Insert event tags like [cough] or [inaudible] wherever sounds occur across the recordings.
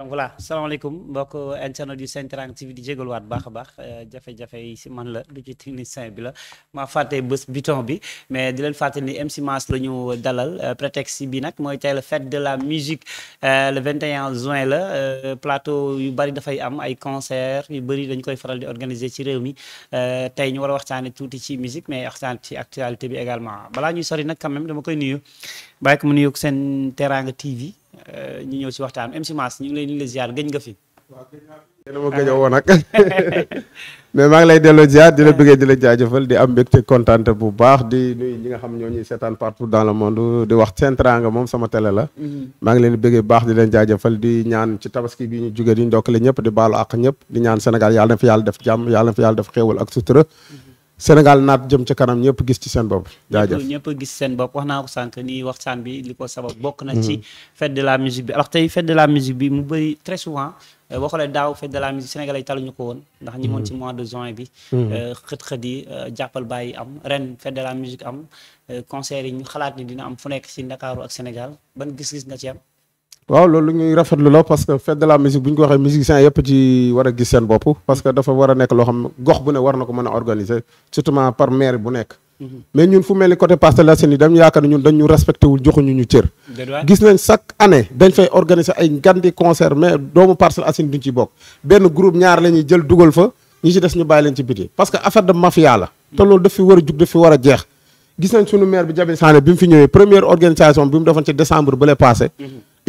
donc voilà salaamaaleykum mbokk internet yu Sen Teranga TV di jégaluwaat baax a baax euh, jafe-jafe yi si man la du ci technicien bi la maa fàtte bés bouton bi mais di leen fàttali ni MC Mass la ñu dalal euh, prétexte bi nag mooy tey la fête de la musique euh, le 21 juin la plateau yu bëri dafay am ay concert yu bëri dañ koy faral di organiser ci réew mi tey ñu war a waxtaane tuuti ci musique mais waxtaan ci actualité bi également balaa ñuy sori nag quand dama koy nuyu bàyyi ko mu nuyoog seen Teranga TV euh, ñu ñëw si waxtaan MC Mass ñu ngi lay nuyu la ziar gëj nga fi. waaw gëj naa woo nag [laughs] mais maa ngi lay dellu ziar di la bëggee di la jaajëfal di am mbégte kontante bu baax di nuyu ñi nga xam ñoo ñuy seetaan partout dans le monde di wax seen Teranga moom sama la. Mm-hmm. maa ngi leen di bëggee baax di leen jaajëfal di ñaan ci tabaski bi ñu jógee di ndokkale ñëpp di baalo àq ñëpp di ñaan Sénégal yàlla na fi yàlla def jàmm yàlla na fi yàlla def xéewal ak sutura. Mm-hmm. Sénégal naat jëm ca kanam ñëpp gis ci seen bopp. jaajëf ñëpp gis seen bopp wax naa ko sànq ni saan bi li ko sabab bokk na hmm. ci. fet de la musique bi alors tey fête de la musique bi mu bëri très souvent. boo euh, xoolee daaw fête de la musique sénégalais yi taluñu ko woon. ndax ñi moon hmm. ci mois de juin bi. Hmm. Euh, xët-xët yi euh, jàppal bàyyi am ren fête de la musique am concert yi ñu xalaat ni dina am fu nekk si Ndakaaru ak Sénégal ban gis-gis nga ci am. waaw loolu ñuy rafetlu la parce que fête de la musique bu ñu ko waxee musiciens yëpp ci war a gis seen bopp parce que dafa war a nekk loo xam gox bu ne war na ko mën a organiser surtout par maire bu nekk mm-hmm. mais ñun fu mel ni côté Parcelles Assainies dañu yaakaar ne ñun dañu respecté wul joxuñu ñu cër gis nañ chaque année dañ fay organiser ay ñaar la ñuy jël dugal fa ñi ci des ñu bàyyi leen ci parce que affaire de mafia la te loolu daf fi war a jug daf fi war a jeex gis nañ sunu maire bi Jabi Sané bi mu fi ñëwee première organisation bi mu defoon ci décembre ba le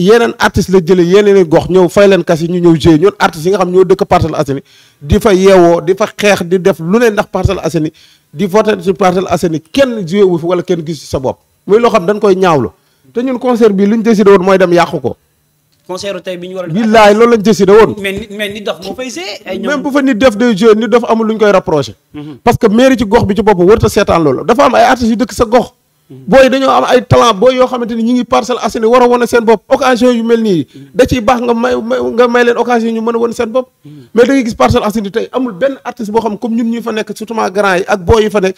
yeneen artistes la jëlee yeneen gox ñëw fay leen kas yi ñu ñëw jouer ñoon artistes yi nga xam ñoo dëkk Parcelles Assainies di fa yeewoo di fa xeex di def lu ne ndax Parcelles Assainies di voter ci Parcelles Assainies kenn jouer wu fi wala kenn gis sa bopp muy loo xam dañ koy ñaawlu te ñun concert bi li ñu décidé woon mooy dem yàqu ko. concert tey bi ñu war a. billaay loolu lañ woon. mais moo fay see. ay ñoom même bu fa nit def day jouer nit dof amul lu koy rapproché. Mhm. parce que mairie ci gox bi ci boppam warut a am ay artistes yu gox. booy dañoo am ay talent booy yoo xamante ni ñi ngi Parcelles Assainies war a wane seen bopp occasion yu mel nii da ciy baax nga may nga may leen occasion ñu mën a wane seen bopp mais da ngay gis Parcelles Assainies yi ak booy fa nekk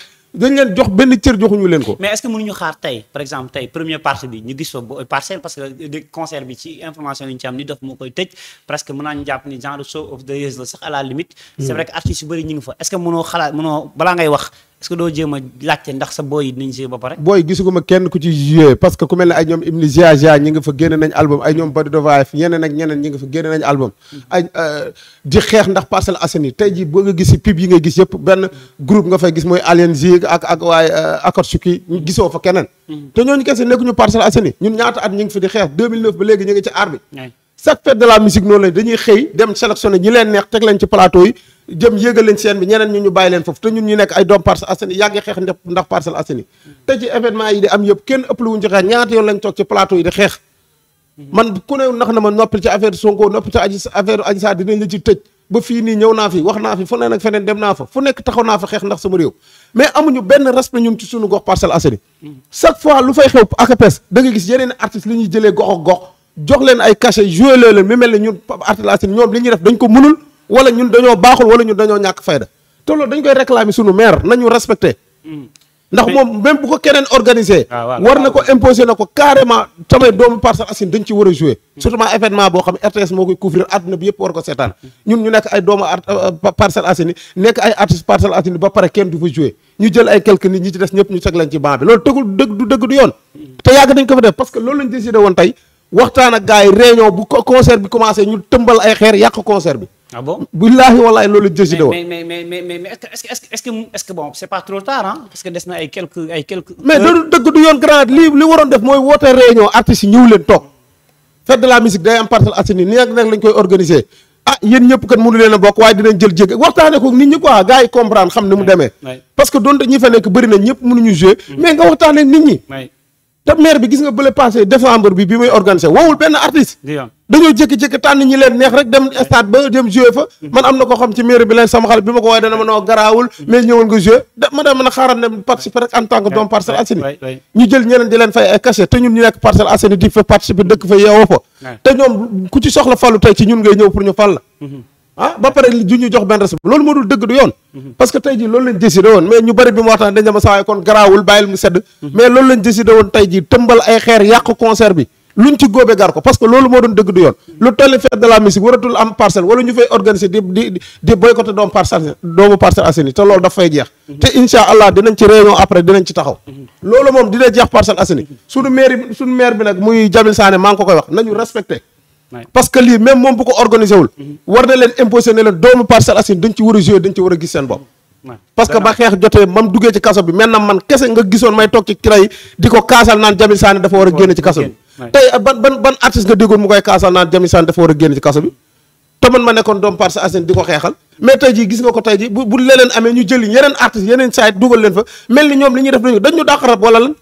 dañ xalaat mënoo balaa ngay wax est-ce que doo jéem a laajte ndax sa booy yi dinañ joué ba pare. booy gisuguma kenn ku ci joué parce que ku mel ne ay ñoom Ibli Zia Zia ñi nga fa génne nañ album ay ñeneen ak ñeneen ñi nga fa génne nañ album. Hmm. ay euh, di xeex ndax Parcelles Assainies tey jii boo nga gis si pub yi ngay gis yëpp benn groupe nga fay gis mooy Alien Zig ak ak waaye euh, Akatsuki gisoo fa keneen. Hmm. te ñooñu kese nekkuñu Parcelles Assainies ñun ñaata at ñu ngi fi di xeex 2009 ba léegi ñu ngi ci aar bi. chaque fête de la musique noonu la dañuy xëy dem sélectionné ñi leen neex teg leen ci plateau yi jëm yéegal seen bi ñeneen ñu ñu bàyyi leen foofu te ñun ñu nekk ay doom Parcelles Assainies yàgg xeex ndax Parcelles Assainies te ci événement yi di am yëpp kenn ëpp lu wuñ ci xeex ñaata yoon lañ ci ma noppil ci affaire Sonko noppil ci aji affaire Adji Sarr dinañ la tëj ba fii nii ñëw naa fi wax naa fi fu ne feneen dem naa fa fu nekk taxaw naa fa xeex ndax sama réew mais amuñu benn respect ñun ci suñu gox Parcelles Assainies mm. chaque fois lu fay xew ak APS jox leen ay cachet joué loo leen mel ne ñun Arthur Racine ñoom li ñuy def dañ ko mënul wala ñun dañoo baaxul wala ñun dañoo ñàkk fayda te loolu dañ koy réclamer sunu maire nañu respecté mm. ndax moom même bu keneen organisé ah, war na ko imposé na ko carrément samay doomu Parcelles Assainies dañ ci war a joué mm. surtout événement boo xam RTS moo koy couvrir àdduna mm. ñu nekk ay doomu euh, Parcelles Assainies nekk ay artistes Parcelles Assainies ba pare kenn du fa joué ñu jël ay quelques nit ñi ñu teg leen ci banc loolu tegul dëgg waxtaan ak gars yi réunion bu concert bi commencé ñu tëmbal ay xeer yàq concert bi. ah bon billaahi wallaahi loolu jësi de woon. mais mais mais mais mais est-ce que du dëgg du yoon grand li li waroon def mooy woote réunion artistes yi toog. fête la musique day am Parcelles Assainies nii ak nag lañ koy organiser ah yéen ñëpp kat mënu leen bokk waaye dinañ jël jéggi waxtaane ko nit ñi quoi gars yi comprendre xam ni mu demee. parce que donte ñi fa nekk bëri na ñëpp mënuñu jouer. Mm-hmm. mais nga waxtaane nit te maire bi gis nga bële passé décembre bi bi muy organisé wowul benn artiste. dañoo jékki-jékki tànn ñi leen neex rek dem stade ba dem joué fa. Mm-hmm. man am na ko xam ci maire bi leen sama bi ma ko woowee dana ma noo garaawul. Mm-hmm. mais ñëwal nga joué da ma daa mën a xaaral ne participer rek en tant doomu Parcelles Assainies. ñu jël ñeneen di leen fay ay cachet te ñun ñu nekk Parcelles Assainies di fa participer dëkk fa yeewoo fa. te ñoom ku ci soxla fallu tey ci ñun ngay ah ba pare du ñu jox benn respect loolu moo dul dëgg du yoon parce que tey jii loolu lañ décidé woon mais ñu bari bi mu waxtaan dañ dama saawaay kon garaawul bàyyil mu sedd mais loolu lañ décidé woon tey jii tëmbal ay xeer yàq parce que loolu moo doon dëgg du yoon lu tolli fête de la musique waratul am parcelle wala ñu fay organiser di di di boycotté doomu parcelle doomu Parcelles Assainies te loolu daf fay jeex te insha allah dinañ ci réunion après dinañ ci taxaw loolu moom dina jeex Parcelles Assainies suñu maire suñu maire bi nag muy Jamil Sané maa ngi ko koy wax nañu respecté parce que lii même moom bu ko organisé wul. Mm-hmm. war na leen imposé ne leen doomu a a mm-hmm. parce que ba xeex jotee mam duggee ci kaso bi maintenant man kese nga gisoon may toog ci kira di ko kaasal naan Jamil dafa war a génn ci kaso bi a génn ci te man ma nekkoon doomu Parcelles Assainies di ko xeexal mais tey jii gis nga ko tey jii bu bu leneen amee ñu jëli yeneen artistes yeneen saayit dugal leen fa mel ni ñoom li ñuy def dañu dañ rab wala lan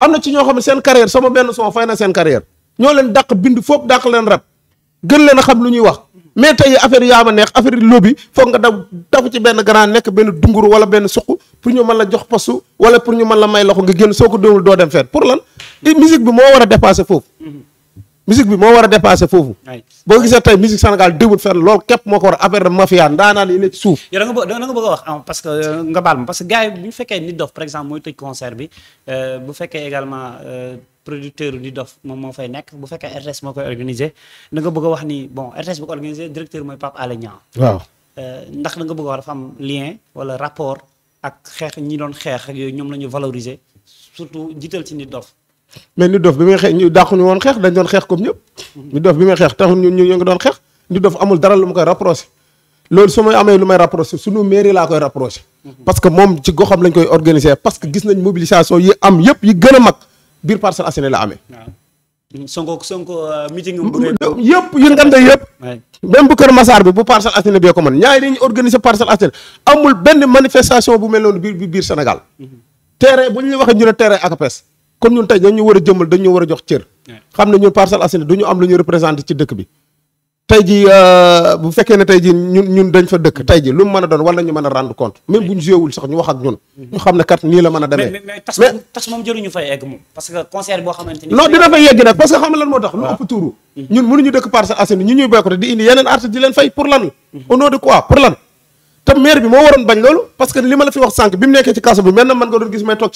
am na ci ñoo xam seen carrière ñoo leen dàq bind foog dàq leen rab gën leen a xam lu ñuy wax mais tey affaire yaa ma neex affaire lobby foog nga daw dafu ci benn grand nekk benn dunguru wala benn suq pour ñu jox wala pour ñu mën la may loxo nga génn soo ko dóorul doo dem fenn pour lan musique bi moo war a dépassé foofu moo war a boo gisee tey musique Sénégal déwul fenn loolu képp moo ko war a affaire de mafia ndaanaan yi ne ci suuf yow da nga da bëgg a wax ah, parce que euh, nga baal ma parce que gars yi bu ñu fekkee nit dof par exemple mooy tëj concert bi euh, bu fekkee également euh, da nga a wax ni bon RTS bu ko organisé directeur mooy Pape Alé Niang. waaw euh, da nga bëgg a wax dafa am lien wala rapport ak xeex ñi doon xeex ak yooyu nit dof. mais nit dof bi muy xeex ñu woon xeex dañ doon xeex comme ñëpp. Mhm. nit dof bi muy xeex taxul ngi doon xeex nit dof amul dara lu mu koy rapproché. loolu su may amee lu may rapproché suñu mairie laa koy rapproché. Mhm. parce que moom ci goxam lañ koy organiser parce que gis nañ mobilisation yi am yëpp yi gën a mag. biir Parcelles Assainies la amee. waaw Sonko Sonko euh, meeting yëpp yëngante yëpp. même bu Kër Massar bi bu Parcelles Assainies bee ko mën ñaari dañuy organiser Parcelles Assainies amul benn manifestation bu mel noonu biir biir Sénégal. Mm-hmm. terrain bu ñu waxee ñu ne terrain ACAPES kon ñun tey dañu war a jëmal dañu war a jox cër. xam ne ñun Parcelles Assainies du am lu ñu représenté ci dëkk bi. tey ji euh, bu fekkee ne tey ji ñun ñun dañ fa dëkk tey ji lu mu mën a doon war nañu mën a rendre compte même bu ñu jéewul sax ñu wax ak ñun ñu xam ne kat nii la mën a demee mais tas moom jëruñu fay egg moom parce que concert boo xamante ni nga moo tax lu ëpp tuuru hmm. ñun mënuñu dëkk Parcelles Assainies ñu ñuy boycotté di indi yeneen artiste di leen fay pour lan hmm. au nom de quoi pour lan te maire bi moo waroon bañ loolu parce que li fi wax sànq bi mu nekkee ci kaasa gis may toog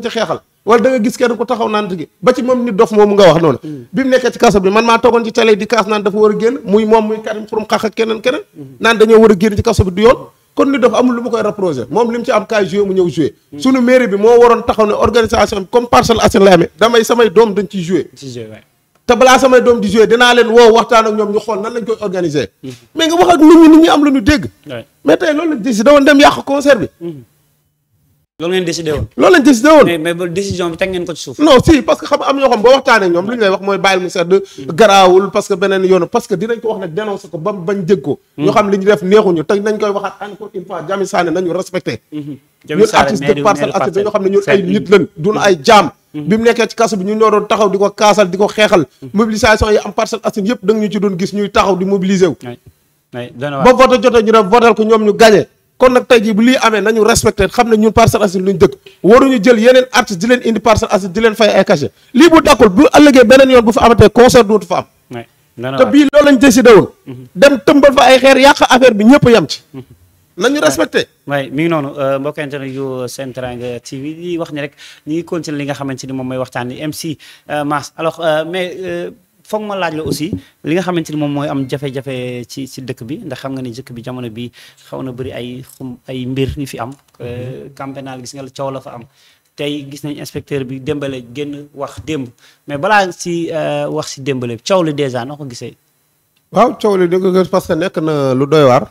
ci wala da gis kenn ku taxaw naan gi ba ci moom nit dof moomu nga wax noonu mm. bi mu nekkee ci kaso bi man maa toogoon ci télé di kaas naan dafa war a génn muy moom muy Karim Xurum Xax ak keneen mm-hmm. naan dañoo war a génn ci kaso bi du yoon kon nit dof amul lu mu koy reproché moom li mu ci am kaay joué mu ñëw joué mm. suñu mairie bi moo waroon taxaw ne organisation bi comme Parcelles Assainies la amee damay samay doom dañ ciy joué te balaa samay doom di leen woo waxtaan ak ñoom ñu xool nan lañ koy organiser mm-hmm. mais mais tey loolu la lool ngeen décidé woon. si parce que xam am ñoo xam boo waxtaanee ñoom lu ñu lay wax mooy bàyyil mu sedd. Mm. garaawul parce que beneen yoon parce que dinañ ko wax nag dénoncé ko ba bañ jëg ko. Mm. ñoo xam li ñu def neexuñu te nañ koy waxaat encore une fois Jami nañu respecté. Mm-hmm. Jami Sané artiste de parcelle artiste ñoo xam ne ñun ay nit lañ duñu ay mm-hmm. jaam. Mm-hmm. bi mu nekkee ci kaso bi ñu ñoo doon taxaw di ko kaasal di ko xeexal. mobilisation yi am Parcelles Assainies yëpp da kon nag tey jii bu lii amee nañu respecté xam ne ñun Parcelles Assainies luñ dëkk waruñu jël yeneen artistes di leen indi Parcelles Assainies di leen fay ay cachet lii bu dakkul bu ëllëgee beneen yoon bu fa amatee concert dootu fa am te bii loolu lañ décidé woon mhm. dem tëmbal fa ay xeer yàq affaire bi ñëpp yam ci mhm. nañu respecté waaye mi ngi noonu euh, mbokk internet yu Sen Teranga TV di wax ni rek ñu ngi continuer li nga xamante ni moom mooy waxtaan ni MC euh, Mass alors euh, foog ma laaj la aussi li nga xamante ni moom mooy am jafe-jafe ci ci dëkk bi ndax xam nga ni dëkk bi jamono bi xaw na bëri ay xum ay mbir yu fi am. Mhm. Euh, camp pénal gis nga la coow la fa am. tey gis nañ inspecteur bi démbale génn wax démb mais balaa si euh, wax si démbale coow dèjà noo ko gisee. waaw coow li dëgg nga parce que nekk na lu doy waar.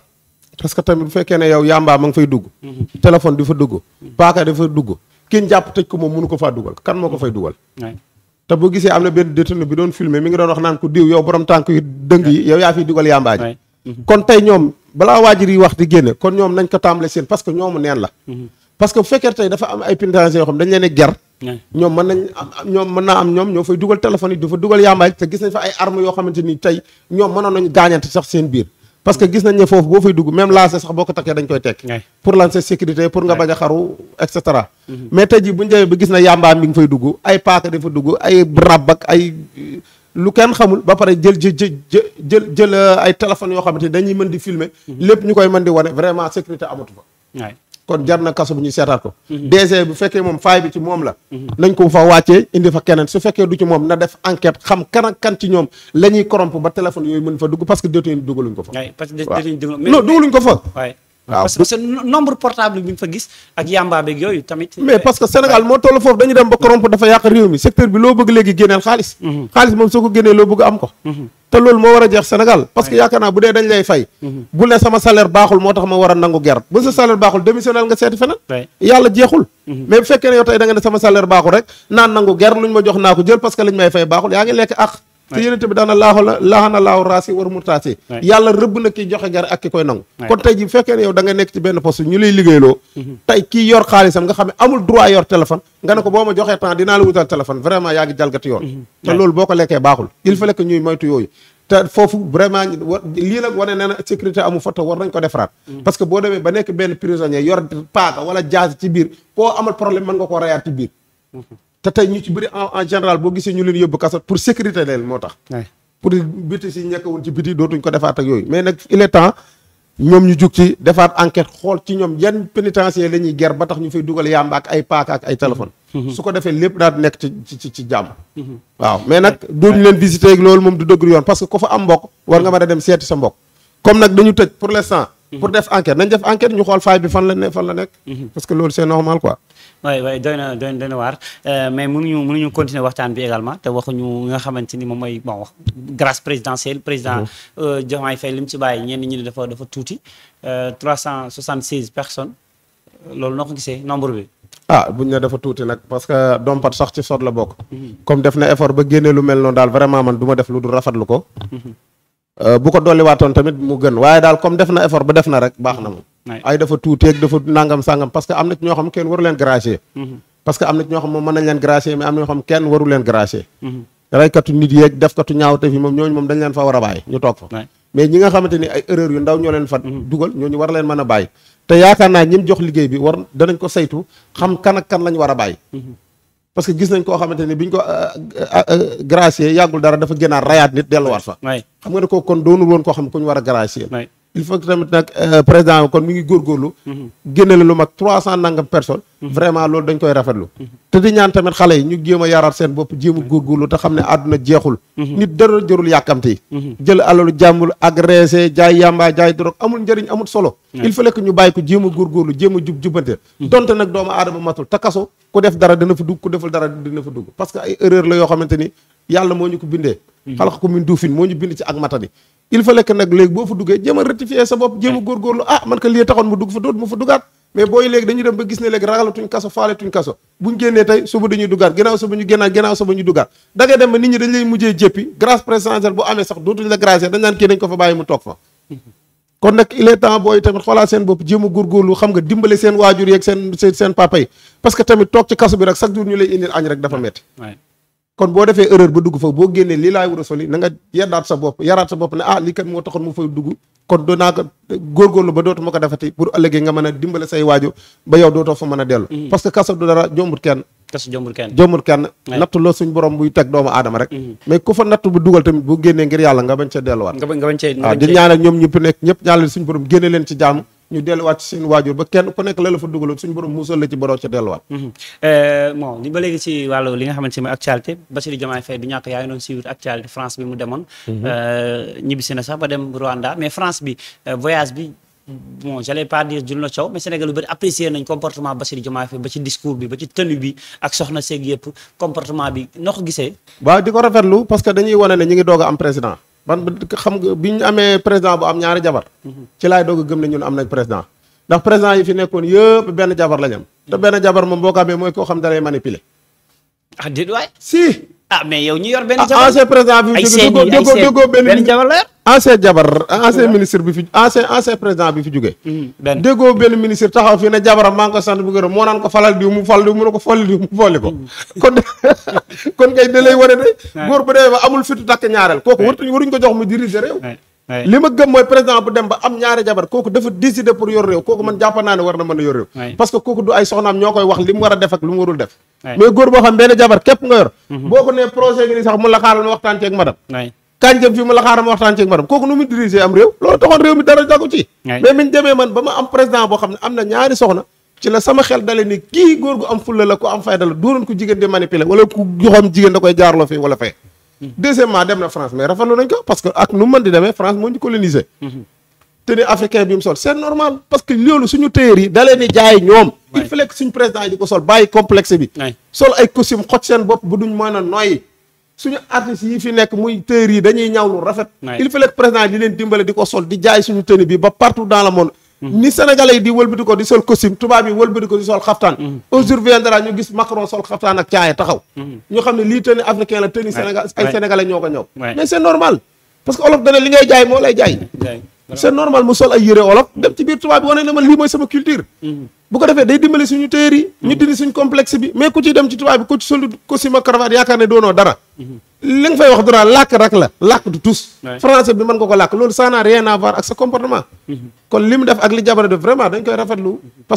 parce que tamit bu fekkee ne yow yàmbaa ma nga fay dugg. Mhm. téléphone di fa dugg. Mhm. paaka dafa dugg. kin jàpp tëj ko moom munu ko faa dugal kan moo ko fay dugal. te boo gisee am na benn détenu bi doon filmer mi ngi doon wax naan ko diw yow borom tànk yu dëng yi yow yaa fiy dugal yàmbaaji mm-hmm. kon tey ñoom balaa waajur yi wax di génne kon ñoom nañ ko tàmbale seen parce que ñoomu neen la mm-hmm. parce que bu fekkee tey dafa am ay pénitencier yoo xam dañ leen a ger ñoom mën nañ am ñoom mën naa am ñoom ñoo fay dugal téléphone yi dafa dugal yàmbaaj te gis nañ fa ay armes yoo xamante ni tey ñoom mënoon nañu gaañante sax seen biir parce que gis nañ ne foofu boo fay dugg même lancé sax boo ko takkee dañ koy tekk pour lancer sécurité pour nga bañ a xaru et mm-hmm. mais tey jii bu ñu demee ba gis na yàmbaam bi nga fay dugg ay paaka dafa dugg ay rab ay lu kenn xamul ba pare jël jë jël jël ay téléphones yoo xamante ni dañuy mën di filmer mm-hmm. lépp ñu koy mën di wane vraiment sécurité amatu fa kon jar na kaso bu ñu seetaat ko mhm. DG bu fekkee moom faay bi ci moom la mhm. nañ ko fa wàccee indi fa keneen su fekkee du ci moom na def enquête xam kan ak kan ci ñoom la ñuy ba téléphone yooyu mën fa dugg parce que détenu dugaluñ ko fa non dugaluñ ko fa waaw parce que ce euh, moo toll foofu dañu dem ba corrompre dafa yàq réew secteur bi loo bëgg léegi génneel xaalis. Mhm. xaalis moom soo ko génnee loo bëgg am ko. Mhm. te loolu moo war a jeex Sénégal parce que yaakaar naa bu dee dañ lay fay. Mhm. bu ne sama salaire baaxul moo tax ma war a nangu gerte bu sa salaire baaxul démissionnel nga seeti feneen. yàlla jeexul. mais fekkee ne yow tey ne sama salaire baaxul rek naan nangu gerte luñ ma jox naa ko jël parce que liñ may fay te yonent bi daana laahu la laahana laahu raasi war murtaasi yàlla rëbb na ki joxe gar ak ki koy nangu kon tey ji bu fekkee ne yow da nga nekk ci benn poste ñu lay liggéeyloo mhm. tey kii yor xaalisam nga xam ne amul droit yor téléphone nga ne ko boo ma joxee temps dinaa la wutal téléphone vraiment yaa ngi jalgati yoon mhm. te loolu boo ko lekkee baaxul il fallait que ñuy moytu yooyu te foofu vraiment lii nag wane nee na sécurité amu fa te war nañ ko defaraat mhm. parce que boo demee ba nekk benn prisonnier yor paaka wala jaas ci biir koo amal problème mën nga koo reyaat ci biir te tey ñu ci bëri en en général boo gisee ñu leen yóbbu kaso pour sécurité leen moo tax. pour biti si ñekkawul ci biti dootuñ ko defaat ak yooyu mais nag il est temps ñu jug la ñuy ger ba ñu fay dugal yàmba ak ay paaka ak ay téléphone mm-hmm. Mm-hmm. su ko defee lépp daal di nekk ci ci ci jàmm. Mm-hmm. waaw mais nag duñ leen visiter ak loolu moom du dëgg yoon parce que ku fa am mbokk war nga mën a dem seeti sa mbokk comme nag dañu tëj pour l'instant. pour def enquête nañ def enquête ñu xool faay bi fan la ne fan la waaye waaye doy na doy na waar euh, mais mënuñu ñu continuer waxtaan bi également te waxuñu nga xamante ni moom mooy bon wax grâce présidentielle président mhm. euh, Diomaye Faye li mu ci bàyyi ñenn ñi ne dafa tuuti dafa tuuti 376 euh, personnes loolu noo ko gisee nombre bi ah ñu ne dafa tuuti nag parce que dompat sax ci sot la bokk mhm. comme def na effort ba génne lu mel noonu daal vraiment man du ma def lu dul rafetlu ko mhm. bu ko dolli waatoon tamit mu gën waaye daal comme def na effort ba def na rek baax na moom ay dafa tuuteeg dafa nangam sangam parce am na ñoo xam kenn waru leen gracier mhm. parce am na ñoo xam moom mën nañ leen gracier mais am ñoo xam kenn waru leen gracier mhm. raykatu nit yeeg defkatu ñaawte fi moom ñooñu moom dañ leen fa war a bàyyi ñu toog fa mais ñi nga xamante ay erreur yu ndaw ñoo leen fa mhm. dugal ñooñu war leen mën a bàyyi te gis nañ koo xamante biñ ko euh, euh, euh, gracier yàggul dara dafa gënaat rayaat nit delluwaat fa xam nga ne ko kon doonul woon il faut que tamit nag euh, président kon mi ngi góorgóorlu mhm. génnale lu mag trois cent nangam personnes mhm. vraiment loolu dañ koy rafetlu mhm. te di ñaan tamit xale yi ñu jéem a yaraat seen bopp jéem a góorgóorlu te xam ne àdduna jeexul nit dara jërul yàkkamti jël alalu jàmbul agressé jaay yàmbaa jaay drogue amul njariñ amul solo il fallait que ñu bàyyi ko jéem a góorgóorlu jéem a jub jubante donte nag doomu aadama matul te kaso ku def dara dana fa dugg ku deful dara dana fa dugg parce que ay la yoo xamante ni yàlla moo ñu ko bindee Mm-hmm. xalax commune Dufine moo ñu bind ci ak matadi il fallait que nag léegi boo fa duggee jéem a rectifier sa bopp jéem a góorgóorlu ah man ka lii taxoon mu dugg fa doot mu fa dugaat suba ñu génnaat suba ñu dugaat da dem ba nit ñi dañ lay mujjee jéppi grâce présidentielle bu amee sax dootuñ la grâce dañ naan kii ko fa bàyyi mu toog fa [laughs] kon nag il est booy tamit xoolaat seen bopp jéem a góorgóorlu xam nga dimbale seen waajur yeeg seen seen papa yi parce que kon boo defee erreur ba dugg fa boo génnee lii laay war soli na nga sa bopp yaraat sa bopp ne ah lii kat moo taxoon mu fay dugg kon doo naa ko góorgóorlu ba dootuma ko defati pour ëllëgee nga mën a dimbale say waajo ba yow dootoo fa mën a dellu mm-hmm. parce que kaso du dara jombut kenn kaso jombut kenn jombut kenn natt loo suñ borom buy teg doomu aadama rek mm-hmm. mais ku fa natt bu dugal tamit bu génnee ngir yàlla nga bañ cee delluwaat waaw ah, di ñaanal ñoom ñëpp nekk ñëpp ñaanal ñu delluwaat ci seen waajur ba kenn ku nekk la la fa dugaloon suñu borom musal la ci boroo ca delluwaat. Mm-hmm. Euh, bon li ba léegi ci wàllu li nga xamante ne actualité actualité mm-hmm. euh, na sax ba dem Rwanda mais France bi euh, voyage bi. bon j'allais pas discours bi ba ci tenue bi ak soxna seeg yëpp comportement bi noo gisee. waaw di ko rafetlu parce que dañuy wane ne ñu ngi doog a am président. man xam nga bi ñu amee président bu am ñaari jabar ci laay doog gëm ne ñun am nañ président ndax président yi fi nekkoon yëpp benn jabar lañ am te benn jabar moom boo mooy koo xam dalay manipuler ah déet waay. si. ah mais yow ñu yor benn jabar ancien président fi jóge déggoo déggoo benn jabar la ancien jabar ancien ministre bi fi ancien ancien président bi fi jóge déggoo benn ministre taxaw fii ne jabaram maa ngi ko sant bu gërëm moo naan ko falal diw mu fal diw mu ko mu folli ko mm. kon [laughs] kon kay da lay war a bu demee amul fitu takk ñaareel kooku wartuñ waruñ ko jox mu diriger réew li président am ñaari jabar kooku dafa décider pour yor réew kooku man jàpp war na mën a yor réew parce que kooku du ay soxnaam ñoo koy wax li mu war a def ak warul def mais góor boo xam benn jabar képp nga yor mhm. boo ko ne projet gi ni sax mu la xaaral ma waxtaan ceeg madam kànjam fi mu la xaaral ma waxtaan ceeg madam kooku nu mu diriger am réew loolu taxoon réew mi dara dagu ci mais min demee man ba ma am président boo xam ne am na ñaari soxna ci la sama xel dale ni kii góor gu am fulla la ku am fayda doonoon ko jigéen di manipuler wala ku joxam jigéen da koy jaarloo fii wala fee mhm. deuxièmement dem na tenue africain bi mu sol c'est normal parce que loolu suñu téyeer yi da leen di jaay ñoom il fallait que suñu président yi di ko sol bàyyi complexe bi sol ay costume xoj seen bopp bu duñ mën a noyyi suñu artistes yi fi nekk muy téyeer yi dañuy ñaw lu rafet il fallait que président yi di leen dimbale di ko sol di jaay suñu tenue bi ba partout dans le monde mm-hmm. ni sénégalais di wëlbati ko di sol costume tubaab yi ko di sol xaftaan mm-hmm. aujourd'hui viendra ñu gis Macron mm-hmm. ñu xam ne li ngay jaay moo c'est normal mu sol ay yére olof dem ci biir tubaab bi wane ne man lii mooy sama culture mhm. bu ko defee day dimbali suñu téer ñu mhm. dindi mais ku ciy ci tubaab bi ku ci sol costume ak cravate yaakaar ne mhm. la ko làkk loolu ça n'a rien à voir ak mu def ak li jabar def vraiment dañ koy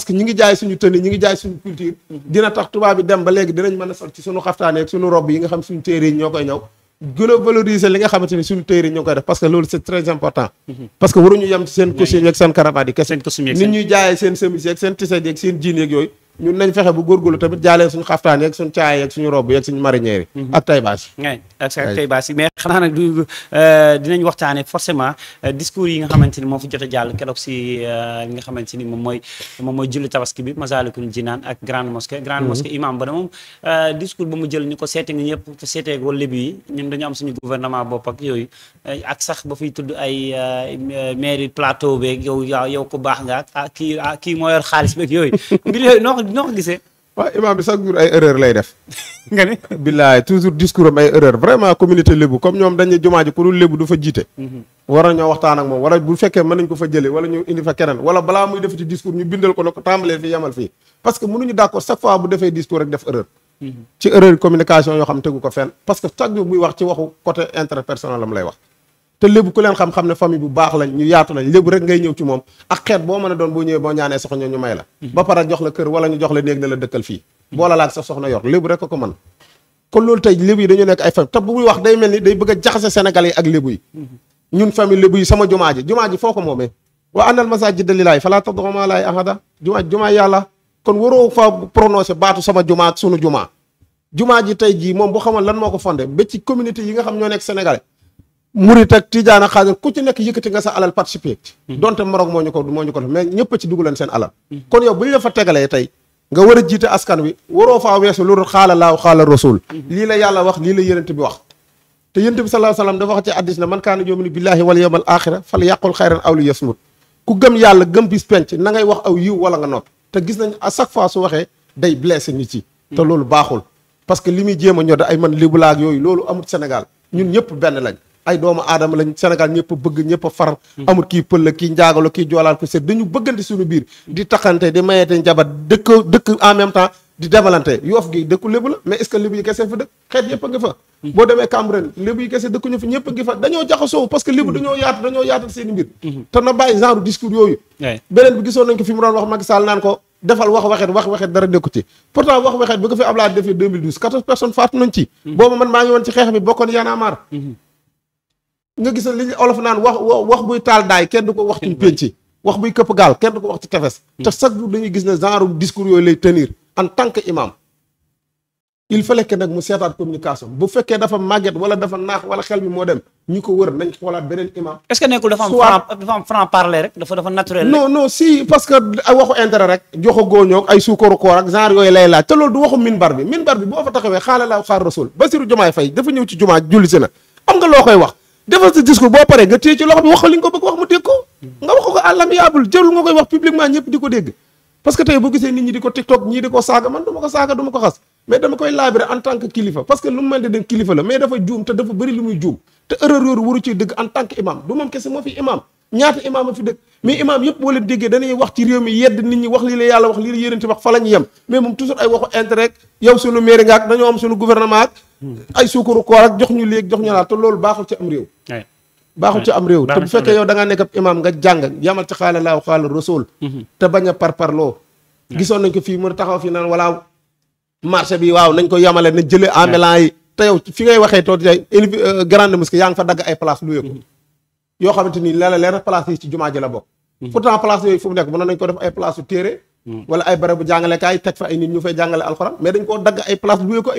que ñi ngi jaay suñu tenue ñi ngi jaay suñu culture dina tax tubaab bi dem ba léegi dinañ mën a sol ci suñu xaftaane ak suñu robb yi nga xam suñu téer ñoo koy ñëw gën a valoriser li nga xamante ni suñu téere yi ñoo def parce que loolu c'est très important mhm. parce que waruñu yem ci seen costume yeeg seen cravate yi kese nit ñuy jaayee seen chemise yeeg seen tiset yeeg seen jean yeeg yooyu ñun nañ fexe bu góorgóorlu tamit jaalee suñu xaftaan yeeg suñu caay yeeg suñu robb yeeg suñu marinière yi mhm. ak tay baas yi ak tay baas yi mais xanaa nag euh, dinañ waxtaane forcément euh, discours yi nga xamante ni moo fi jot jàll keroog si euh, xamante ni moom mooy moom mooy julli tabaski bi Masaalikul Jinaan ak grande mosquée grande mhm. mosquée imam ba na moom discours ba mu jël ni ko seete nga ñëpp te seetee wala lébu yi ñun dañu am suñu gouvernement bopp ak yooyu ak sax ba fiy tudd ay mairie plateau beeg yow yow ko baax nga ak ah, kii ah, kii moo xaalis beeg yooyu [laughs] noo ko gisee. waaw imaam bi chaque jour ay erreur lay def. [laughs] nga ne billaay toujours discours am ay erreur vraiment communauté lébu comme ñoom dañuy jumaa ji ku lébu du fa jiite. Mhm. war nañoo waxtaan ak moom wala bu fekkee mën nañ ko fa jëlee wala ñu indi fa keneen wala balaa muy def discours ñu bindal ko ne ko tàmbalee fii yamal fii parce que mënuñu d'accord chaque fois bu defee discours rek def erreur. Mhm. ci erreur communication yoo xam tegu ko fenn parce que te lébu ku leen xam-xam ne famille bu baax lañ ñu yaatu lañ lébu rek ngay ñëw ci moom ak xeet boo mën a doon boo ñëwee boo ñaanee soxna ñu may la mm-hmm. ba pare jox la kër wala ñu jox la néeg ne la dëkkal fii boola laak sa soxna yor lébu rek ko mën kon loolu tey lébu yi dañoo nekk ay famille te bu muy wax day mel ni day bëgg a jaxase sénégalais yi ak lébu yi mm-hmm. ñun famille lébu yi sama jumaa ji jumaa ji foo ko moomee waa annal masaajida lillaahi falaa tad'uu ma'a llaahi ahadan jumaa jumaa yàlla kon waroo fa prononcé baatu sama jumaa ak sunu jumaa jumaa ji tey jii moom bu xamal lan moo ko fondé ci communauté yi nga xam ñoo nekk sénégalais murit ak tijaan ak xaadir ku ci nekk yëkkati nga sa alal participer ci mhm. donte Maroc moo ñu ko moo ñu ko def mais ñëpp ci dugaleen seen alal mhm. kon yow bu ñu la fa tegalee tey nga war a jiite askan wi waroo fa faa weesu loolu xaala laaw xaala rasul mhm. lii la yàlla wax lii la yonent bi wax te yonent bi sallallahu alayhi wasallam dafa wax ci addis na man kaana yuminu billahi wal yawmal axira fal yàqul xayran aw li yasmut ku gëm yàlla gëm bis penc na ngay wax aw yiw wala nga noppi te gis nañ à chaque fois su waxee day blessé baaxul parce que li muy jéem a ñodde ay man libu laag yooyu loolu amul Sénégal ñun ñëpp benn lañ ay doomu aadama lañ Sénégal ñëpp a bëgg ñëpp a far hmm. amul kii pël la kii njaagalo kii joolaan ko seet dañu bëggante suñu biir di taxante di mayete njabat dëkk dëkk en même temps di demalante yoof gi dëkku lébu la mais est ce que a ngi fa hmm. boo a dañoo jaxasoo parce que lébu hmm. dañoo yaatu dañoo yaatal seen mbir te na bàyyi genre discours yooyu beneen bi gisoon nañ ko fi mu doon wax Macky naan ko defal wax waxet wax waxet dara nekku ci pourtant wax waxet bi ko fi Ablaye nga gis li olof naan wax wax buy taal daay kenn du ko wax ci penc wax buy këpp ko wax ci tefes hmm. te chaque jour dañuy gis ne genre discours yooyu lay tenir en tant que imam mu seetaat communication bu fekkee dafa màgget wala dafa naax wala xel mi moo dem ñu ko wër nañ xoolaat beneen imam est-ce que nekkul dafa am franc dafa am franc parce que waxu intérêt rek joxo góoñoog ay suukaru koor ak genre yooyu lay laaj te loolu du waxu minbar bi minbar bi boo fa taxawee xaala laa xaar rasul Basiru Jomaay Fay dafa ñëw ci jumaa julli si na am nga loo koy wax defal sa discours boo paree nga téye ci loxo bi wax li nga ko bëgg wax mu dégg ko nga wax ko à l'amiable jërul nga koy wax publiquement ñëpp di ko dégg parce que tey boo gisee nit ñi di ko tiktok ñii di ko saaga man du ko saaga du ko xas mais dama koy laabiré en tant que kilifa parce que lu mu mel ne kilifa la mais dafa juum te dafa bëri lu muy juum te erreur yooyu waru ci dëgg en tant que imam du kese moo fi imam ñaata imam a fi dëkk mais imam yëpp boo leen ay suukaru koor ak jox ñu léegi jox ñu laa te loolu baaxul ci am réew baaxul ci am réew te bu fekkee yow da ngaa nekk ab imaam nga jàng yamal ci xaala laaw xaala mm-hmm. te bañ a parparloo gisoon nañ ko fii mu taxaw fii naan wala marché bi waaw nañ ko yamale na jële amelan yi te yow fi ngay waxee too tey euh, grande mosquée yaa ngi fa dagg ay place lu yëpp mm-hmm. yoo ci jumaa ji la bokk mm-hmm. pourtant place yooyu fu mu nekk mënoon nañ ko def ay place téere wala ay barabu jàngalekaay teg fa ay nit ñu fay jàngale alxuraan mais dañ koo dagg ay place luye ko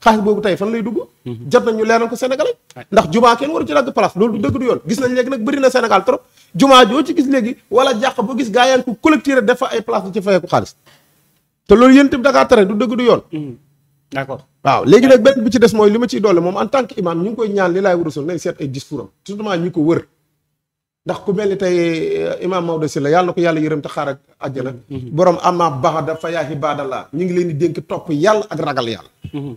xaalis boobu tey fan lay dugg mhm. jot nañ ñu leeral ko sénégalais ndax jumaa kenn war ci dagg place loolu du dëgg du yoon gis nañ léegi nag bëri na sénégal trop jumaa joo ci gis léegi wala jàq boo gis gaa yaa ngi ko loolu yéen tamit dakaa tere du dëgg du mhm. waaw léegi nag benn bi ci des mooy li ma ciy doole moom en tant que imam ñu ngi koy ñaan li laay warusul ko wër ndax ku mel ni tey euh, imam Maodo Sylla yàlla na ko yàlla yërëm te xaar ak àjjana mhm. borom ama baxada fa yaa ibaadallah ñu ngi leen di dénk topp yàlla ak ragal yàlla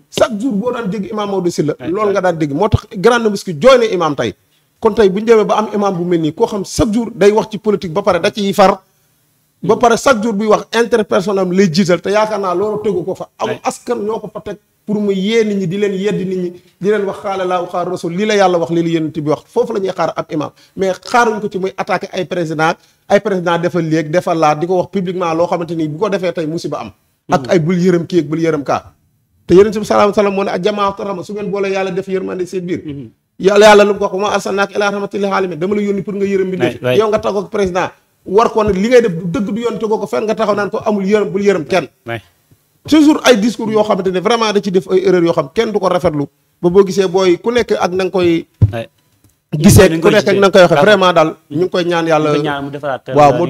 chaque jour boo daan dégg imaam Maodo Sylla loolu nga daan dégg moo tax grande mosquée jooy na imaam tey kon tey bu ñu ba am imaam bu mel nii koo xam chaque jour day wax ci politique ba pare da ciy far ba pare chaque jour buy wax interpersonnel lay jiital te yaakaar naa loolu tegu ko fa am askan ñoo ko fa teg pour mu yee nit ñi di leen yeddi nit ñi di leen wax xaala laa xaar rasul lii la yàlla wax lii la yonent bi wax foofu la ñuy xaar ab imam mais xaaruñ ko ci muy attaqué defal léeg defal laa di ko wax publiquement loo xamante ni bu ko defee tey musiba am ak hmm. ay bul yërëm kii ak bul yërëm kaa te yenn bi sallallahu alayhi wa sallam moo ne ak jamaatu rahma su ngeen boole yàlla def yërmande seen biir mhm. yàlla yàlla lu mu ko wax ma arsalnaaka ilaa rahmatil lil aalamiin dama la yónni pour nga yërëm bi yow nga taxaw ko président war koo li ngay def dëgg du yoon tegoo ko fenn nga taxaw naan ko amul yërëm bul yërëm kenn toujours ay discours yoo xamante ne vraiment da ci def ay erreurs yoo xam kenn du ko rafetlu ba boo gisee booy ku nekk ak na koy gisee ku nekk ak na nga koy waxee vraiment daal ñu ngi koy ñaan yàlla waaw mu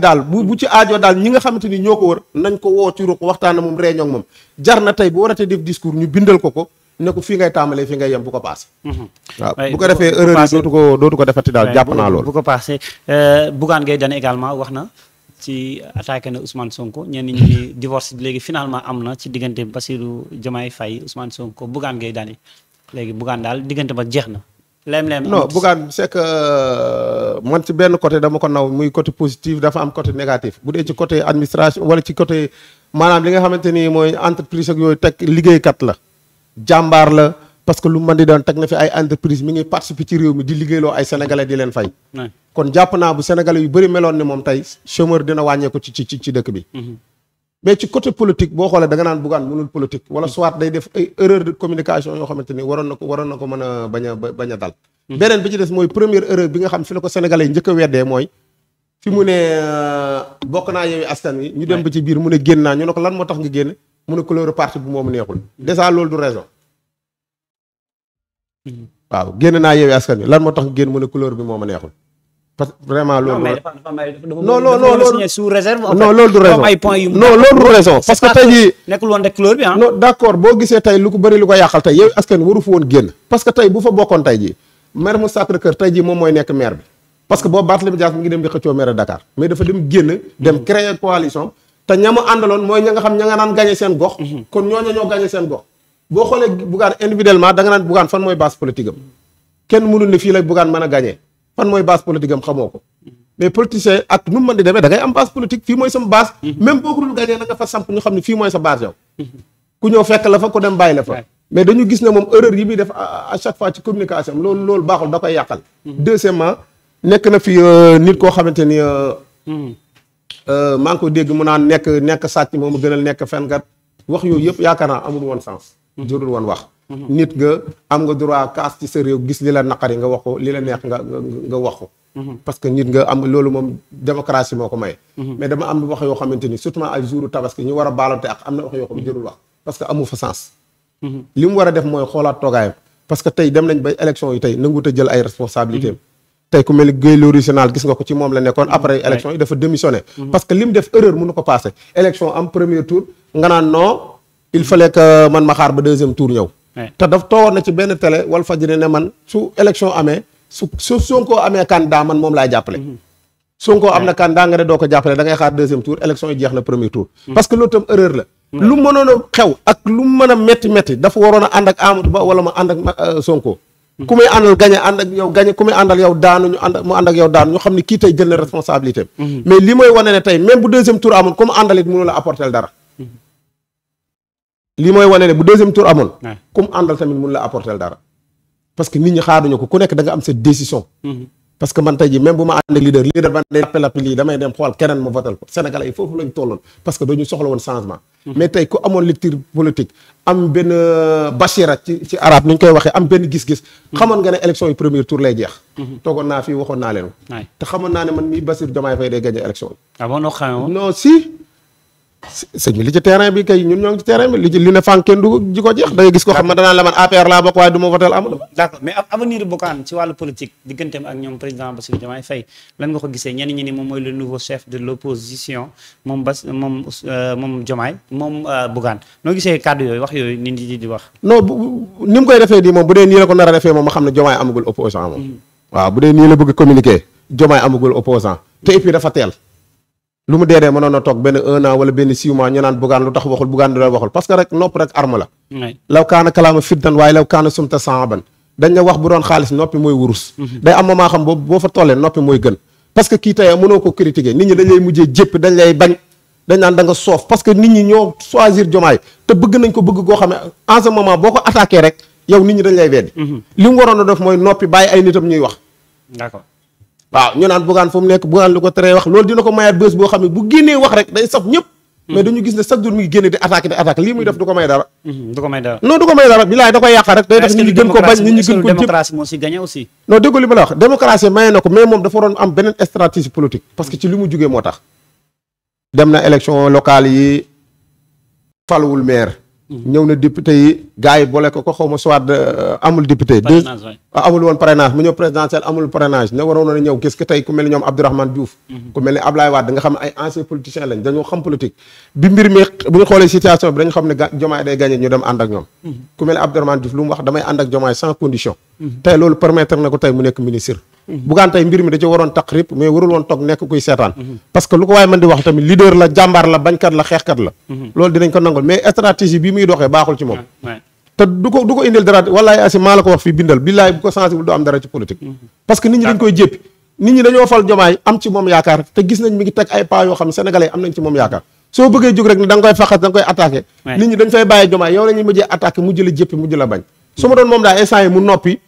daal bu ci aajo daal ñi nga xamante ni ñoo ko wër nañ ko woo ci ruq waxtaan moom réunion moom jar na tey bu waratee def discours ñu bindal ko ko ne ko ngay tàmbalee fii ngay yem bu ko paase mhm. waaw bu ko defee wax na ci attaqué na Ousmane Sonko ñenn ñi divorce léegi finalement am na ci diggante Bassirou Diomaye Faye Ousmane Sonko Bougane Gueye Dany léegi Bougane daal lem-lem non Bougane c'est euh, man ci benn côté dama ko naw muy côté positif dafa am côté négatif bu dee ci côté administration wala ci côté maanaam li nga xamante ni mooy entreprise yooyu teg liggéeykat la jàmbaar la parce que lu man di doon teg na fi ay entreprise mu ngi participer ci réew mi di liggéeyloo ay sénégalais di leen fay kon jàpp naa bu sénégalais yu bëri meloon ni moom tey chômeur dina wàññeeku ci ci ci dëkk bi mhm. mais ci côté politique boo xoolee da nga naan Bougane mënul politique wala soit day def ay erreur de communication yoo xamante ni waroon na ko waroon na ko mën a bañ a a dal hmm. beneen bi ci des mooy première erreur bi nga xam fi la ko sénégalais yi njëkk a weddee mooy fi mu ne euh, bokk naa Yewwi Askan Wi ñu dem ba ci biir mu ne génn naa ñu ne ko lan moo tax nga génn mu ne couleur parti bu moomu neexul hmm. dèjà loolu du raison hmm. waaw génn naa Yewwi Askan Wi lan moo tax nga génn couleur bi moomu neexul parce que vraiment loolu. du raison parce que tey jii nekkul woon rek couleur bi ah. boo gisee tey lu ko bëri lu ko yàqal tey yow askan waru fa woon génn. parce que tey bu fa bokkoon tey jii maire mu Sacré-Cœur tey jii moom mooy nekk maire bi parce que boobu Barthélémy Dias mi ngi dem di xëccoo Dakar mais dafa dem génn. dem mm-hmm. créer coalition. te ña àndaloon mooy ña xam ña naan gagné seen gox. Mm-hmm. kon ñooñu ñoo gagné seen gox. boo xoolee Bougane individuellement fan mooy base politique am xamoo ko mais politicien ak nu mu di demee da am base politique fii mooy sama base même boo ko dul gagné fa samp ñu xam ne fii mooy sa base yow ku ñëw fekk la fa ku dem bàyyi la fa mais dañu gis ne moom erreur yi muy def à chaque fois ci communication loolu loolu baaxul da koy yàqal deuxièmement nekk na fi euh, nit koo xamante ni euh, euh, maa ngi ko dégg mun naan nekk nekk sàcc moom gënal nekk fenkat wax yooyu yëpp yaakaar naa amul woon sens mm-hmm. jërul woon Mm-hmm. nit nga am nga droit kaas ci sa gis li la naqari nga wax ko li la neex nga nga wax ko mm-hmm. parce que nit nga am loolu moom démocratie moo ko may mm-hmm. mais dama am wax yoo xam xamante ni surtout ay jouru tabaski ñu war a baalante ak am na wax yoo xam jërul wax parce que amu fa sens li war a def mooy xoolaat toogaayam parce que tey dem nañ ba élection yi tey nanguut a jël ay responsabilités tey ku mel ni Guèye gis nga ko ci moom la nekkoon après élection yi dafa démissionné parce que li mu def erreur mënu ko passé élection am premier tour nga xaar ba deuxième tour ñëw te daf toogoon na ci benn télé wal fajiri ne man su élection amee su su Sonko amee candidat man moom laay jàppale mhm. Sonko am na candidat nga ne doo ko jàppale da ngay xaar deuxième tour élection yi jeex na premier tour mhm. parce que loolu tam erreur la lu mënoon a xew ak lu mën a métti métti dafa waroon a ànd ak Amadou Ba wala ma ànd ak euh, Sonko mhm. ku muy àndal gañe ànd ak yow gañe àndal yow daanu ñu ànd mu ànd ak yow daanu ñu xam ne kii tey jël na responsabilité mais li mooy wane ne tey même bu deuxième tour amoon comme lii mooy wane ne bu deuxième tour amoon. kum àndal tamit mun la apporter dara. parce que nit ñi xaaruñu ko ku nekk da am sa décision. Mhm. parce que man tey jii bu ma ànd ak leader leader ban lay appel appel lii damay dem xool keneen ma votal ko Sénégalais foofu lañ tolloon parce que dañu soxla woon changement. Mhm. mais tey ku amoon lecture politique am benn euh, bachira ci ci arab ñu koy waxee am benn gis-gis. Mhm. xamoon nga ne élection yi premier tour lay jeex. toogoon naa fii waxoon naa leen naa ne sëñ bi li ci terrain bi kay ñun ñoo ngi ci terrain bi li ne fànn kenn du ji ko jeex da ngay gis ko xam ne danaa la man APR laa bokk waaye du ma votel amul d'accord mais avenir Bougane moom mooy le nouveau moom Bass moom euh, moom Diomaye moom euh, Bougane noo yooyu wax yooyu nit di wax non ni mu koy defee di moom bu dee nii la ko nar a defee moom ma xam ne Diomaye amagul opposant moom mm. waaw bu dee nii la bëgg communiquer Diomaye amagul opposant te et dafa teel lu mu dee dee mënoon a toog benn un an wala benn six mois ñu naan bugaan lu tax waxul bugaan dina waxul parce que rek nopp rek arme la. law kaana kalaama fiddan waaye law kaana sumta saaban dañ la wax bu doon xaalis noppi mooy wurus. Mhm. day am moment xam boo fa tollee noppi mooy gën. parce que kii tey mënoo ko critiquer nit ñi dañ lay mujjee jépp dañ lay bañ dañ naan da soof parce que nit ñi ñoo choisir jomaay te bëgg nañ ko bëgg goo xam ne en ce moment boo ko attaqué rek ñi dañ lay weddi. Mhm. li mu def mooy noppi bàyyi ay nitam ñuy wax. d'accord waaw ñu naan bugaan fu mu nekk bugaan lu ko teree wax loolu dina ko mayaat bés boo xam ne bu génnee wax rek day saf ñëpp hmm. mais dañu gis ne chaque jour mi génne di attaqué di attaqué lii muy def du ko may dara hmm, du ko may dara non du da koy yàq rek day tax nit ñi gën ko bañ nit ñi gën ko jëpp démocratie moo li ma la wax démocratie maye na ko mais moom dafa doon am beneen stratégie politique parce que ci li mu jógee moo tax dem na élection locale ñëw na député yi gars yi boole ko ko xaw ma soit euh, amul député deux ah, amul woon parrainage mu ñëw présidentiel amul parrainage ne waroon na ñëw gis que tey ku mel ni ñoom Abdourahmane Diouf mhm. ku mel ni Ablaye Wade mhm. lu mu wax damay ànd ak jomaay sans condition mhm. tey loolu permettre na ko tey mu nekk ministre bugaan tey mbir mi da ci waroon taqrib mais warul woon toog nekk kuy seetaan parce que lu ko waaye mën di wax tamit leader la jàmbaar la bañkat la xeexkat la loolu dinañ ko nangul mais stratégie bi muy doxee baaxul ci moom te du ko indil dara wallaay asi maa la ko wax fii bindal billaay bu ko sensible doo am dara ci politique mhm. parce que nit ñi dañ koy jéppi nit ñi dañoo fal jomaay am ci moom yaakaar te gis nañ mi ngi teg ay pas xam ne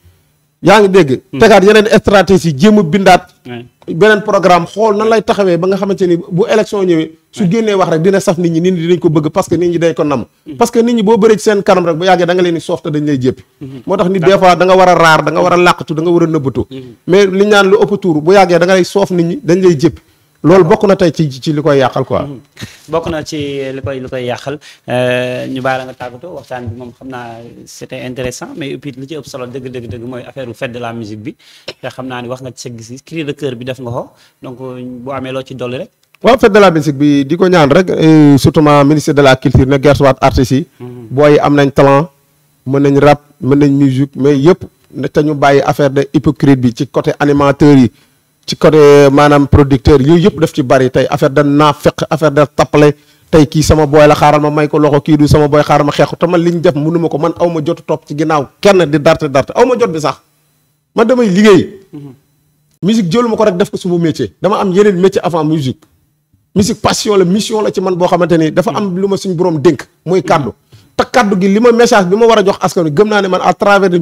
yaa ngi dégg. Hmm. tegaat yeneen stratégie jéem a bindaat. beneen programme xool nan lay taxawee ba nga xamante ni bu élection ñëwee. su génnee wax rek dina saf nit ñi nit ñi dinañ ko bëgg parce que nit ñi day ko nam. Hmm. parce que nit ñi boo bëree seen kanam rek bu yàggee da leen soof te dañ lay jéppi. Hmm. moo tax nit des fois da war a raar da war a làqatu da war a nëbbatu. mais li ñaan lu ëpp tuur bu yàggee da lay soof nit ñi dañ lay jéppi. loolu bokk na tey ci ci li koy yàqal quoi. Mhm. bokk na ci li koy li koy yàqal euh, ñu bàyyi la nga tàggatoo waxtaan bi moom xam naa c'était intéressant mais et li ci ëpp solo dëgg dëgg mooy affaire bu fête de la musique bi te xam naa ni wax nga ci sa gis-gis cri de cœur bi def nga ko donc euh, bu amee loo ci dolli rek. waaw fête de la musique bi di ko ñaan rek euh, surtout ministre de la culture ne gertuwaat artistes yi. Mhm. booy am nañ talent mën nañ rap mën nañ musique mais yëpp te ñu bàyyi affaire de hypocrite bi ci côté animateur yi. ci côté maanaam producteur yooyu yëpp def ci bari tey affaire da naa feq affaire da tappale tey kii sama booy la xaaral ma may ko loxo kii du sama booy xaaral ma xeexu te man li ñu def mënu ko man aw ma jot topp ci ginnaaw kenn di darte darte aw ma jot bi sax man damay liggéey. Mm-hmm. musique jëlu ma ko rek def ko suma métier dama am yeneen métier avant musique musique passion la mission la ci man boo xamante ni dafa am lu ma suñu borom dénk muy kàddu mm-hmm. te kàddu gi li ma message bi ma war a jox askan wi gëm naa ne man à travers de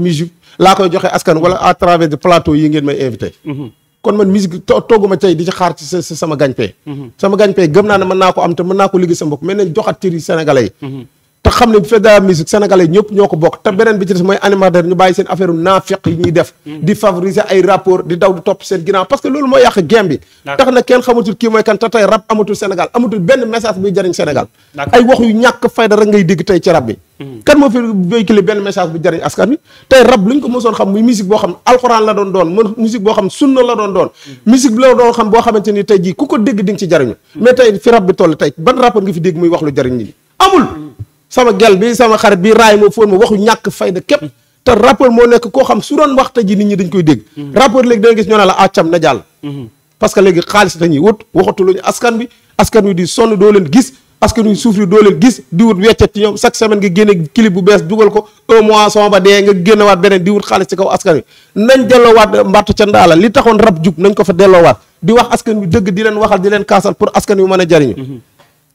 laa koy joxe askan wala à travers de plateau yi ngeen may invité. Mm-hmm. kon man musique tooguma tey di ci xaar ci sama gagne-pain mm-hmm. sama gagne-pain gëm naa ne mën naa ko am te mën naa ko liggéey sama bopp mais nañ joxat cëri te xam ne bu fekk de la musique sénégalais ñoo ko bokk te beneen bi ci des mooy animateur ñu bàyyi seen affaire naafiq yi ñuy def mm. di favoriser ay rapport di daw di topp seen ginnaaw parce que loolu mooy yàq game bi tax na kenn xamatul kii mooy kan te tey rab amatul Sénégal amatul benn message buy jëriñ Sénégal ay wax yu ñàkk fayda rek ngay dégg tey ci rab bi mm. kan moo fi benn message bu jëriñ askan bi tey rab lu ñu ko mosoon xam muy musique boo xam alxuraan la doon doon mën musique boo xam sunna la doon doon mm. musique jii ku ko dégg di nga ci jariñu mais tey fi rab bi toll tey ban rapport nga fi sama gel bi sama xarit bi raay ma fóon ma waxu ñàkk fayda képp te rappeur moo nekk koo xam su doon waxta ji nit ñi dañ koy dégg mm-hmm. rappeur léegi danga gis ñoo ne la accam na jàll mm-hmm. parce que léegi xaalis dañuy wut waxatu askan bi wi di sonn doo leen gis askan wi souffrir doo leen gis di wut weccet ci ñoom chaque semaine nga génne clip bu bees dugal ko un mois ba dee nga génnewaat beneen di wut xaalis ci kaw askan wi nañ delloowaat mbattu ca ndaala li taxoon rab jug nañ ko fa delloowaat di wax askan wi dëgg di leen waxal di leen kaasal pour askan wi mën a jariñu mm-hmm.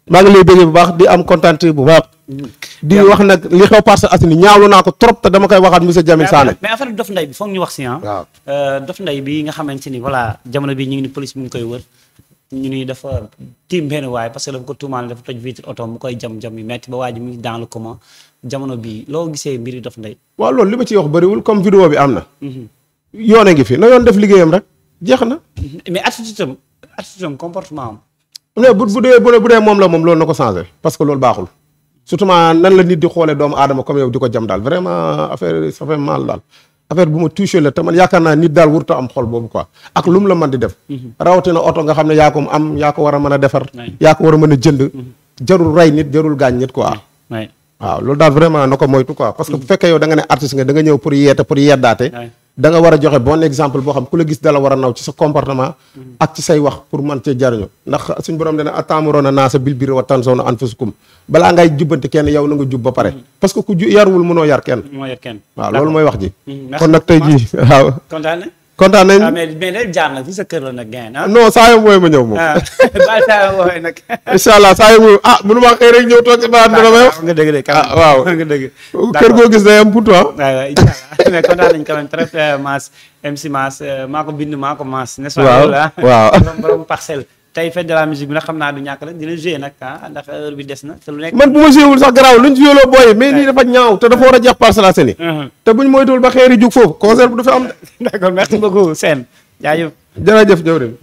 maa ngi lay bu baax di am contenté bu baax di wax nag li xew Parcelles Assainies ñaawlu naa ko trop te dama koy waxaat monsieur Jamil Sané mais affaire dof nday bi foog ñu wax si ah waaw euh, dof nday bi nga xamante ni voilà jamono bi ñu ngi ni police mu ngi koy wër ñu ni waaye parce que dafa ko tuumaale dafa oto mu koy jam-jam yi metti ba dans le coma jamono bi loo gisee mbiri dof nday waaw loolu li ma ciy wax bëriwul comme vidéo bi am na mhm. yoone ngi fi na yoon def liggéeyam rek jeex na mhm. mais attitude am attitude am comportement am mais bu bu dee bu dee moom la moom loolu na ko changé parce que loolu baaxul surtout nan la nit di xoolee doomu aadama comme yow di ko jam daal vraiment affaire ça fait mal daal affaire bu ma touché la te man yaakaar naa nit daal wurta am xol boobu quoi ak lu la man di def mhm. rawatina oto nga xam ne yaa ko am yaa ko war a mën a defar yaa ko war a mën a jënd mhm. jarul rey nit jarul gaañ nit quoi waaw loolu daal vraiment na ko moytu quoi parce que bu fekkee yow da ne artiste nga da ñëw pour yeete pour yeddaate da war a joxe bon exemple boo xam ku la gis dala war a naw ci sa comportement mm-hmm. ak ci say wax pour man cee jariñu ndax suñ borom dana ataamuroon a naasa bil biir wa tansoona anfusukum balaa ngay jubbanti kenn yow na jub ba pare mm-hmm. parce que ku yarwul mënoo yar kenn waaw loolu mooy wax ji mm-hmm. kon nag tey ji [laughs] waaw kontaan nañ ah, mais mais jaar na fi sa kër la nag gain ah. non saa yoo mooy ma ñëw moom. ah allah [laughs] saa yoo [laughs] mooy ah mënu maa xëy rek ñëw toog ci baat dara ma nga dëgg de ah waaw [laughs] kër goo gis day am pour toi. Ah. Ah, waaw waaw incha allah mais kontaan nañ quand même très euh, MC Mass euh, maa ko bind maa ko Mass. n'est-ce pas waaw tey fête de ah, na te lu nekk man bu ma joué sax garaaw luñ joué booy mais nii dafa ñaaw te dafa war a jeex Parcelles uh-huh. te buñ moytuwul ba xeeri jug foofu concert bu du fi am [laughs] d'accord merci beaucoup Sène jaajëf jërëjëf jëwrin